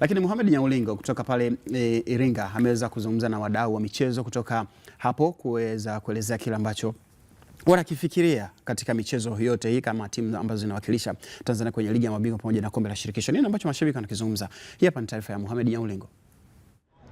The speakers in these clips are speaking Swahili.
Lakini Mohamed Nyaulingo kutoka pale e, Iringa ameweza kuzungumza na wadau wa michezo kutoka hapo kuweza kuelezea kile ambacho wanakifikiria katika michezo yote hii kama timu ambazo zinawakilisha Tanzania kwenye ligi ya mabingwa pamoja na kombe la shirikisho. Nini ambacho mashabiki wanakizungumza? Hii hapa ni taarifa ya Mohamed Nyaulingo.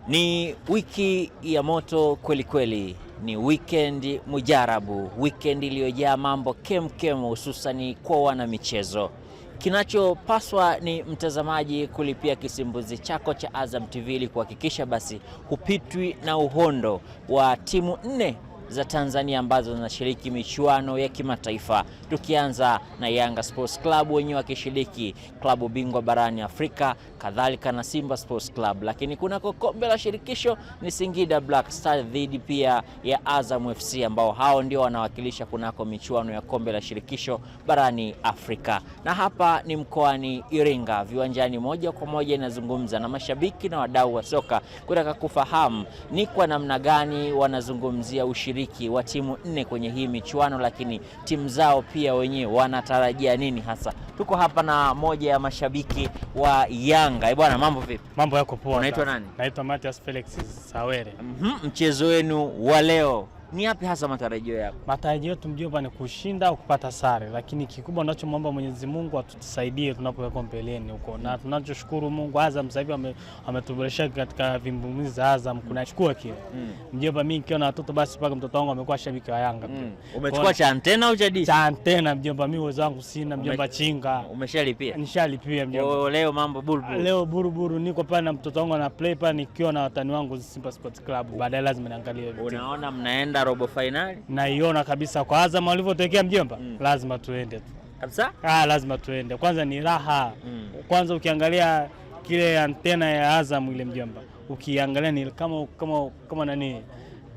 Ni wiki ya moto kweli kweli, ni weekend mujarabu, weekend iliyojaa mambo kemkem, hususani kwa wana michezo. Kinachopaswa ni mtazamaji kulipia kisimbuzi chako cha Azam TV ili kuhakikisha basi hupitwi na uhondo wa timu nne za Tanzania ambazo zinashiriki michuano ya kimataifa, tukianza na Yanga Sports Club wenyewe wakishiriki klabu bingwa barani Afrika, kadhalika na Simba Sports Club. Lakini kunako kombe la shirikisho ni Singida Black Stars dhidi pia ya Azam FC ambao hao ndio wanawakilisha kunako michuano ya kombe la shirikisho barani Afrika, na hapa ni mkoani Iringa viwanjani, moja kwa moja inazungumza na mashabiki na wadau wa soka kutaka kufahamu ni kwa namna gani wanazungumzia ushiriki washiriki wa timu nne kwenye hii michuano, lakini timu zao pia wenyewe wanatarajia nini hasa. Tuko hapa na moja ya mashabiki wa Yanga. Eh, bwana, mambo vipi? Mambo yako poa. Unaitwa nani? Naitwa Matias Felix Sawere. mm -hmm. Mchezo wenu wa leo ni yapi hasa matarajio yako? Matarajio yetu mjomba, ni kushinda au kupata sare, lakini kikubwa tunachomwomba Mwenyezi Mungu atusaidie tunapokuwa mbeleni huko, na tunachoshukuru Mungu, Azam sasa hivi ametuboresha katika vimbumizi za Azam, mm. kunachukua kile mm. mjomba. Mimi nikiwa na watoto basi, mpaka mtoto wangu amekuwa shabiki wa Yanga. mm. Umechukua cha antena au cha dish? Cha antena mjomba, mimi uwezo wangu sina mjomba, chinga. Umeshalipia? Nishalipia mjomba. Oh, leo mambo buruburu, leo buruburu, niko pale na mtoto wangu ana play pale, nikiwa na watani wangu Simba Sports Club, baadaye lazima niangalie. Unaona mnaenda kwenda robo fainali, naiona kabisa kwa Azam walivyotokea mjomba mm. lazima tuende tu kabisa. Ah, lazima tuende kwanza, ni raha mm. kwanza ukiangalia kile antena ya Azam ile mjomba, ukiangalia ni kama, kama, kama nani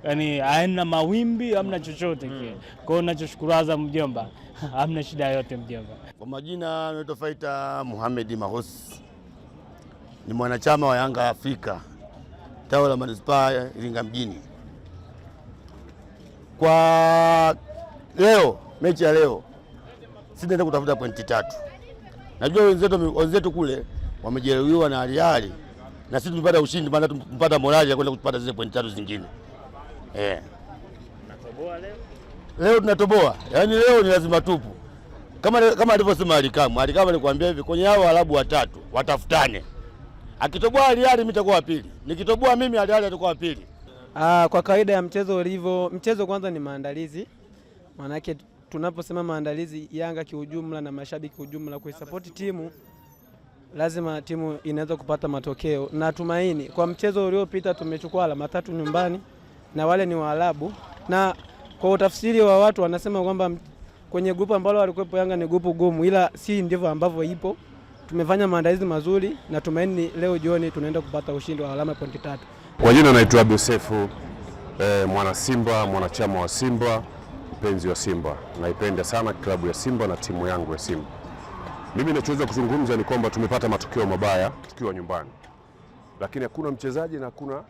yani haina mawimbi hamna chochote mm. kile. Kwa hiyo nachoshukuru Azam mjomba, hamna shida yote mjomba. Kwa majina naitwa Faita Muhamedi mahos ni mwanachama wa Yanga Afrika, tawi la manispaa Iringa mjini. Kwa leo mechi ya leo sitaenda kutafuta pointi tatu. Najua wenzetu wenzetu kule wamejeruhiwa na hali hali, na sisi tumepata ushindi, maana tumepata morali ya kwenda kupata zile pointi tatu zingine eh. Tunatoboa leo, leo tunatoboa, yaani leo ni lazima tupu, kama kama alivyosema Alikamu. Alikamu alikwambia hivi, kwenye hao Waarabu watatu watafutane, akitoboa hali hali mimi nitakuwa wa pili, nikitoboa mimi hali hali atakuwa wa pili. Ah, kwa kawaida ya mchezo ulivyo, mchezo kwanza ni maandalizi. Maanake tunaposema maandalizi, Yanga kiujumla na mashabiki kiujumla kuisapoti timu, lazima timu inaweza kupata matokeo na tumaini. Kwa mchezo uliopita tumechukua alama tatu nyumbani na wale ni Waarabu, na kwa utafsiri wa watu wanasema kwamba kwenye grupu ambalo walikuwepo Yanga ni grupu gumu, ila si ndivyo ambavyo ipo. Tumefanya maandalizi mazuri na tumaini leo jioni tunaenda kupata ushindi wa alama pointi tatu. Kwa jina naitwa Abdusefu eh, mwana Simba, mwanachama wa Simba, mpenzi wa Simba. Naipenda sana klabu ya Simba na timu yangu ya Simba. Mimi nachoweza kuzungumza ni kwamba tumepata matokeo mabaya tukiwa nyumbani, lakini hakuna mchezaji na hakuna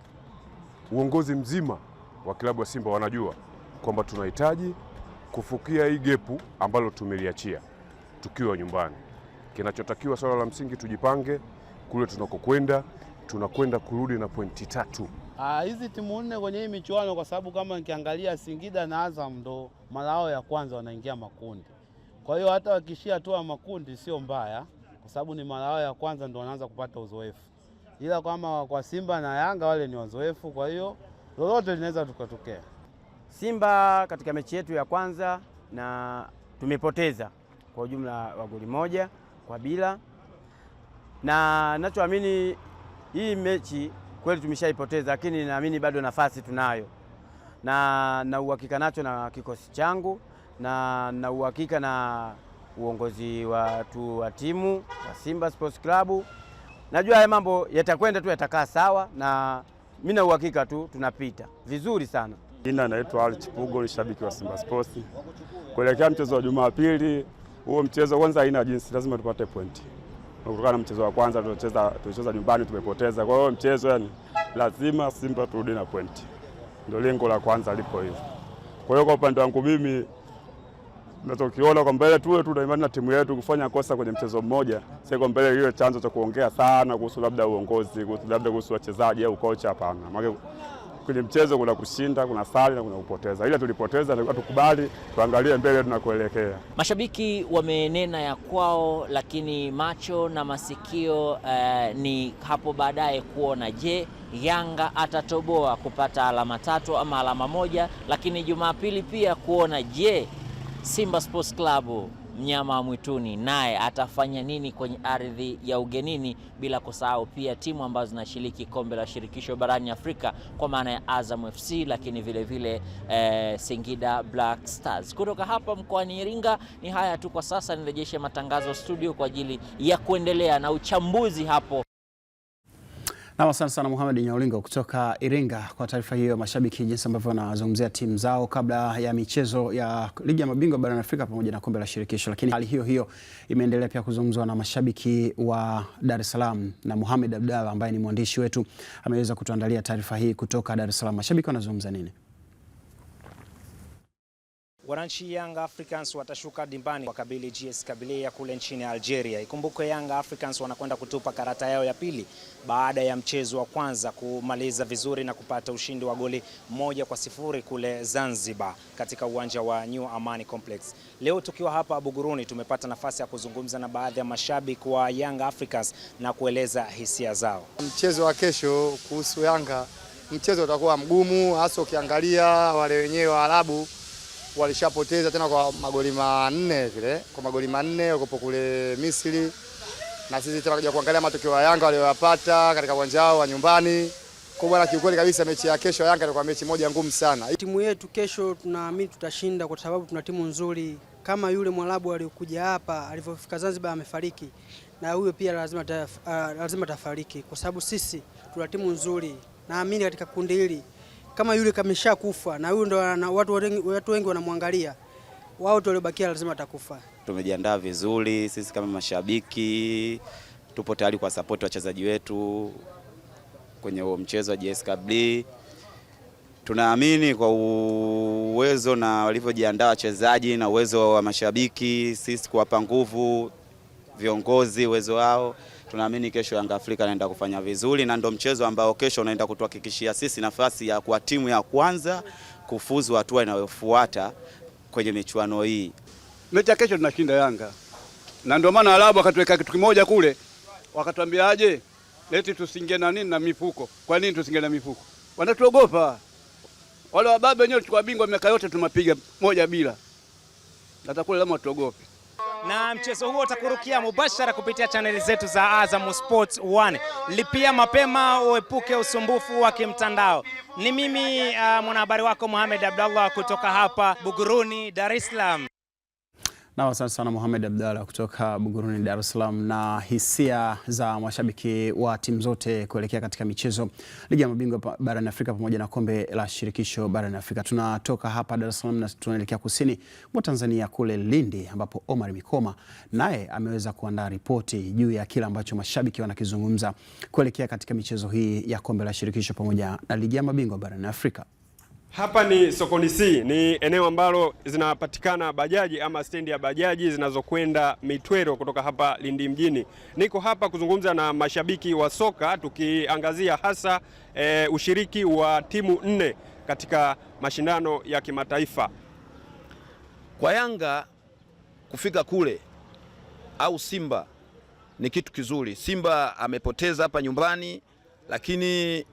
uongozi mzima wa klabu ya Simba wanajua kwamba tunahitaji kufukia hii gepu ambalo tumeliachia tukiwa nyumbani. Kinachotakiwa swala la msingi, tujipange kule tunakokwenda tunakwenda kurudi na pointi tatu. Ah, hizi timu nne kwenye hii michuano, kwa sababu kama nikiangalia Singida na Azam ndo mara yao ya kwanza wanaingia makundi, kwa hiyo hata wakishia hatua ya makundi sio mbaya, kwa sababu ni mara yao ya kwanza ndo wanaanza kupata uzoefu, ila kama kwa Simba na Yanga wale ni wazoefu, kwa hiyo lolote linaweza tukatokea. Simba katika mechi yetu ya kwanza na tumepoteza kwa ujumla wa goli moja kwa bila, na nachoamini hii mechi kweli tumeshaipoteza, lakini naamini bado nafasi tunayo na na uhakika nacho na kikosi changu na na uhakika na uongozi watu wa timu wa Simba Sports Club. Najua haya mambo yatakwenda tu yatakaa sawa, na mimi na uhakika tu tunapita vizuri sana. Jina naitwa Ali Chipugo, ni shabiki wa Simba Sports. Kuelekea mchezo wa Jumapili, huo mchezo kwanza haina jinsi, lazima tupate pointi kutokana na mchezo wa kwanza tulicheza tulicheza nyumbani tumepoteza. Kwa hiyo mchezo yani lazima Simba turudi na pointi, ndio lengo la kwanza lipo hivyo. Kwa hiyo kwa upande wangu mimi nachokiona kwa mbele tuwe tu na imani na timu yetu, kufanya kosa kwenye mchezo mmoja si kwa mbele hiyo chanzo cha kuongea sana kuhusu labda uongozi, kuhusu labda kuhusu wachezaji au kocha. Hapana, kwenye mchezo kuna kushinda, kuna sare na kuna kupoteza, ila tulipoteza, tulikuwa tukubali, tuangalie mbele tunakuelekea. Mashabiki wamenena ya kwao, lakini macho na masikio uh, ni hapo baadaye kuona, je, Yanga atatoboa kupata alama tatu ama alama moja, lakini Jumapili pia kuona, je, Simba Sports Club mnyama wa mwituni naye atafanya nini kwenye ardhi ya ugenini, bila kusahau pia timu ambazo zinashiriki kombe la shirikisho barani Afrika kwa maana ya Azam FC, lakini vilevile vile, eh, Singida Black Stars. Kutoka hapa mkoani Iringa ni haya tu kwa sasa, nirejeshe matangazo studio kwa ajili ya kuendelea na uchambuzi hapo. Na asante sana Muhamed Nyaulingo kutoka Iringa kwa taarifa hiyo. Mashabiki jinsi ambavyo wanazungumzia timu zao kabla ya michezo ya ligi ya mabingwa barani Afrika pamoja na kombe la shirikisho. Lakini hali hiyo hiyo imeendelea pia kuzungumzwa na mashabiki wa Dar es Salaam, na Muhamed Abdalla ambaye ni mwandishi wetu ameweza kutuandalia taarifa hii kutoka Dar es Salaam. Mashabiki wanazungumza nini? Wananchi young Africans watashuka dimbani wakabili GS Kabylie kule nchini Algeria. Ikumbuke young Africans wanakwenda kutupa karata yao ya pili baada ya mchezo wa kwanza kumaliza vizuri na kupata ushindi wa goli moja kwa sifuri kule Zanzibar katika uwanja wa New Amani Complex. Leo tukiwa hapa Buguruni tumepata nafasi ya kuzungumza na baadhi ya mashabiki wa young Africans na kueleza hisia zao. Mchezo wa kesho kuhusu Yanga, mchezo utakuwa mgumu hasa ukiangalia wale wenyewe Waarabu walishapoteza tena kwa magoli manne vile, kwa magoli manne wakopo kule Misri, na sisi tena kuja kuangalia matokeo ya Yanga waliyopata katika uwanja wao wa nyumbani. Kwa bwana, kiukweli kabisa mechi ya kesho ya Yanga itakuwa mechi moja ngumu sana. Timu yetu kesho, tunaamini tutashinda kwa sababu tuna timu nzuri, kama yule Mwarabu aliyokuja hapa alivyofika Zanzibar amefariki, na huyo pia lazima ta, uh, lazima tafariki kwa sababu sisi tuna timu nzuri, naamini katika kundi hili kama yule kamesha kufa na huyu ndo watu wengi, watu wengi wanamwangalia, wao tu waliobakia lazima atakufa. Tumejiandaa vizuri sisi kama mashabiki, tupo tayari kwa support wachezaji wetu kwenye huo mchezo wa JS Kabylie. Tunaamini kwa uwezo na walivyojiandaa wachezaji na uwezo wa mashabiki, sisi kuwapa nguvu viongozi, uwezo wao tunaamini kesho Yanga Afrika naenda kufanya vizuri, na ndo mchezo ambao kesho unaenda kutuhakikishia sisi nafasi ya kuwa timu ya kwanza kufuzu hatua inayofuata kwenye michuano hii. Mechi ya kesho tunashinda Yanga, na ndio maana Arabu akatuweka kitu kimoja kule, wakatuambiaje leti tusinge na nini na mifuko. Kwa nini tusinge na mifuko? Wanatuogopa wale wababe wenyewe, bingwa miaka yote tumapiga moja bila, hata kule lazima watuogope na mchezo huo utakurukia mubashara kupitia chaneli zetu za Azam Sports 1. Lipia mapema uepuke usumbufu wa kimtandao. Ni mimi uh, mwanahabari wako Mohamed Abdallah kutoka hapa Buguruni, Dar es Salaam. Na asante sana Mohamed Abdalla kutoka Buguruni, Dar es Salaam. Na hisia za mashabiki wa timu zote kuelekea katika michezo ligi ya mabingwa barani Afrika pamoja na kombe la shirikisho barani Afrika. Tunatoka hapa Dar es Salaam na tunaelekea kusini mwa Tanzania kule Lindi, ambapo Omar Mikoma naye ameweza kuandaa ripoti juu ya kile ambacho mashabiki wanakizungumza kuelekea katika michezo hii ya kombe la shirikisho pamoja na ligi ya mabingwa barani Afrika. Hapa ni Sokoni C, ni eneo ambalo zinapatikana bajaji ama stendi ya bajaji zinazokwenda Mitwero kutoka hapa Lindi mjini. Niko hapa kuzungumza na mashabiki wa soka tukiangazia hasa e, ushiriki wa timu nne katika mashindano ya kimataifa. Kwa Yanga kufika kule au Simba ni kitu kizuri. Simba amepoteza hapa nyumbani, lakini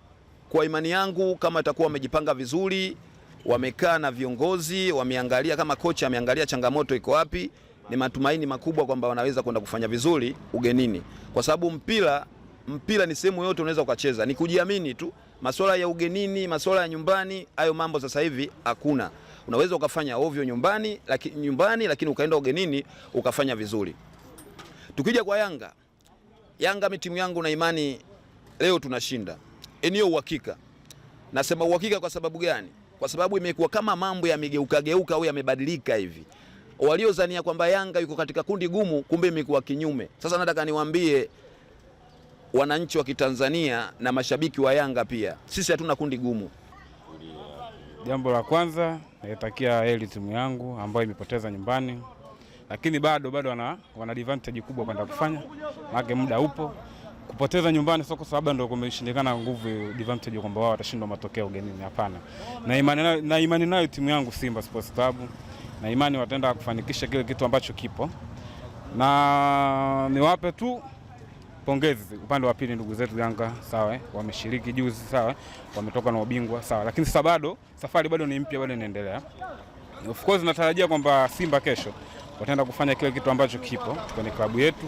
kwa imani yangu kama itakuwa wamejipanga vizuri, wamekaa na viongozi, wameangalia kama kocha ameangalia changamoto iko wapi, ni matumaini makubwa kwamba wanaweza kwenda kufanya vizuri ugenini, kwa sababu mpira mpira ni sehemu yote unaweza ukacheza, ni kujiamini tu. Masuala ya ugenini, masuala ya nyumbani, hayo mambo sasa hivi hakuna. Unaweza ukafanya ovyo nyumbani, lakini nyumbani lakini ukaenda ugenini ukafanya vizuri. Tukija kwa Yanga, Yanga mi timu yangu na imani leo tunashinda eneo eh, uhakika. Nasema uhakika kwa sababu gani? Kwa sababu imekuwa kama mambo yamegeuka geuka au yamebadilika hivi. Waliozania kwamba Yanga yuko katika kundi gumu, kumbe imekuwa kinyume. Sasa nataka niwaambie wananchi wa Kitanzania na mashabiki wa Yanga pia, sisi hatuna kundi gumu. Jambo la kwanza naitakia heri timu yangu ambayo imepoteza nyumbani, lakini bado bado wana, wana advantage kubwa kwenda kufanya, maana muda upo kupoteza nyumbani sio kwa sababu ndio kumeshindikana nguvu advantage kwamba wao watashindwa matokeo ugenini. Hapana, na imani na imani nayo timu yangu Simba Sports Club, na imani wataenda kufanikisha kile kitu ambacho kipo, na niwape tu pongezi upande wa pili, ndugu zetu Yanga, sawa, wameshiriki juzi, sawa, wametoka na ubingwa, sawa, lakini sasa bado safari bado ni mpya, bado inaendelea. Of course natarajia kwamba Simba kesho wataenda kufanya kile kitu ambacho kipo kwenye klabu yetu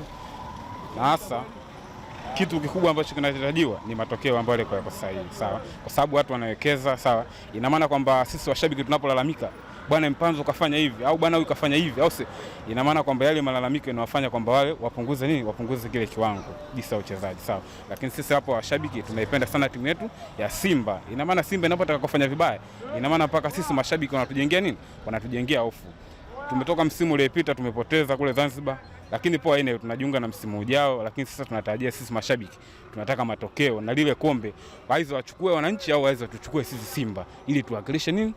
na hasa kitu kikubwa ambacho kinatarajiwa ni matokeo ambayo yako kwa sawa, kwa sababu watu wanawekeza, sawa. Ina maana kwamba sisi washabiki tunapolalamika bwana Mpanzo kafanya hivi au bwana huyu kafanya hivi au si, ina maana kwamba yale malalamiko yanawafanya kwamba wale wapunguze nini, wapunguze kile kiwango jinsi ya uchezaji sawa. Lakini sisi hapo washabiki tunaipenda sana timu yetu ya Simba. Ina maana Simba inapotaka kufanya vibaya, ina maana mpaka sisi mashabiki wanatujengea nini, wanatujengea hofu tumetoka msimu uliopita tumepoteza kule Zanzibar, lakini poa ine tunajiunga na msimu ujao, lakini sasa tunatarajia sisi mashabiki tunataka matokeo na lile kombe waizo wachukue wananchi au waizo tuchukue sisi Simba ili tuwakilishe nini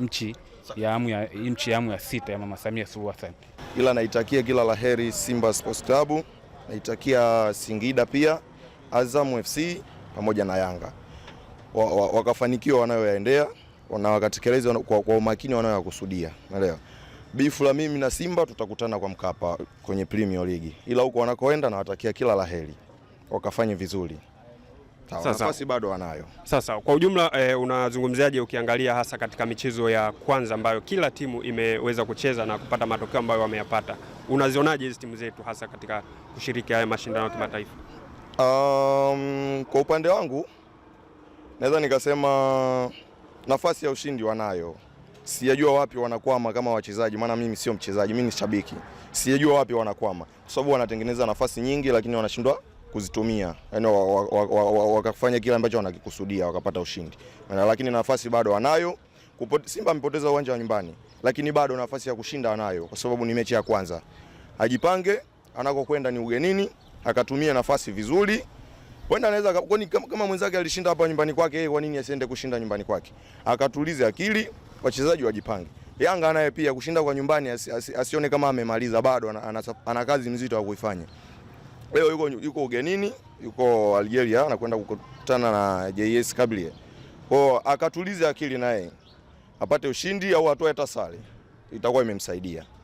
nchi ya amu ya, nchi ya amu ya sita ya Mama Samia Suluhu Hassan. Ila naitakia kila laheri Simba Sports Club, naitakia Singida pia Azam FC pamoja na Yanga wakafanikiwa wanayoyaendea na wakatekeleza kwa, kwa umakini wanayoyakusudia, naelewa bifu la mimi na Simba tutakutana kwa Mkapa kwenye Premier League, ila huko wanakoenda nawatakia kila heri, wakafanye vizuri. Nafasi bado wanayo. Sasa kwa ujumla eh, unazungumziaje ukiangalia hasa katika michezo ya kwanza ambayo kila timu imeweza kucheza na kupata matokeo ambayo wameyapata, unazionaje hizi timu zetu hasa katika kushiriki haya mashindano ya kimataifa? Um, kwa upande wangu naweza nikasema nafasi ya ushindi wanayo sijajua wapi wanakwama kama wachezaji, maana mimi sio mchezaji, mimi ni shabiki. Sijajua wapi wanakwama, kwa sababu wanatengeneza nafasi nyingi, lakini wanashindwa kuzitumia, yani wakafanya wa, wa, wa, wa, kile ambacho wanakikusudia wakapata ushindi, lakini nafasi bado wanayo. Simba amepoteza uwanja wa nyumbani, lakini bado nafasi ya kushinda anayo, kwa sababu ni mechi ya kwanza. Ajipange, anakokwenda ni ugenini, akatumia nafasi vizuri Wenda anaweza kama, kama mwenzake alishinda hapa nyumbani kwake, yeye kwa nini asiende kushinda nyumbani kwake? Akatulize akili wachezaji wajipange. Yanga naye pia kushinda kwa nyumbani as, asione kama amemaliza bado ana, ana, ana kazi mzito ya kuifanya. Leo yuko, yuko ugenini, yuko Algeria anakwenda kukutana na JS Kabylie. Kwao akatulize akili naye apate ushindi au atoe hata sare itakuwa imemsaidia.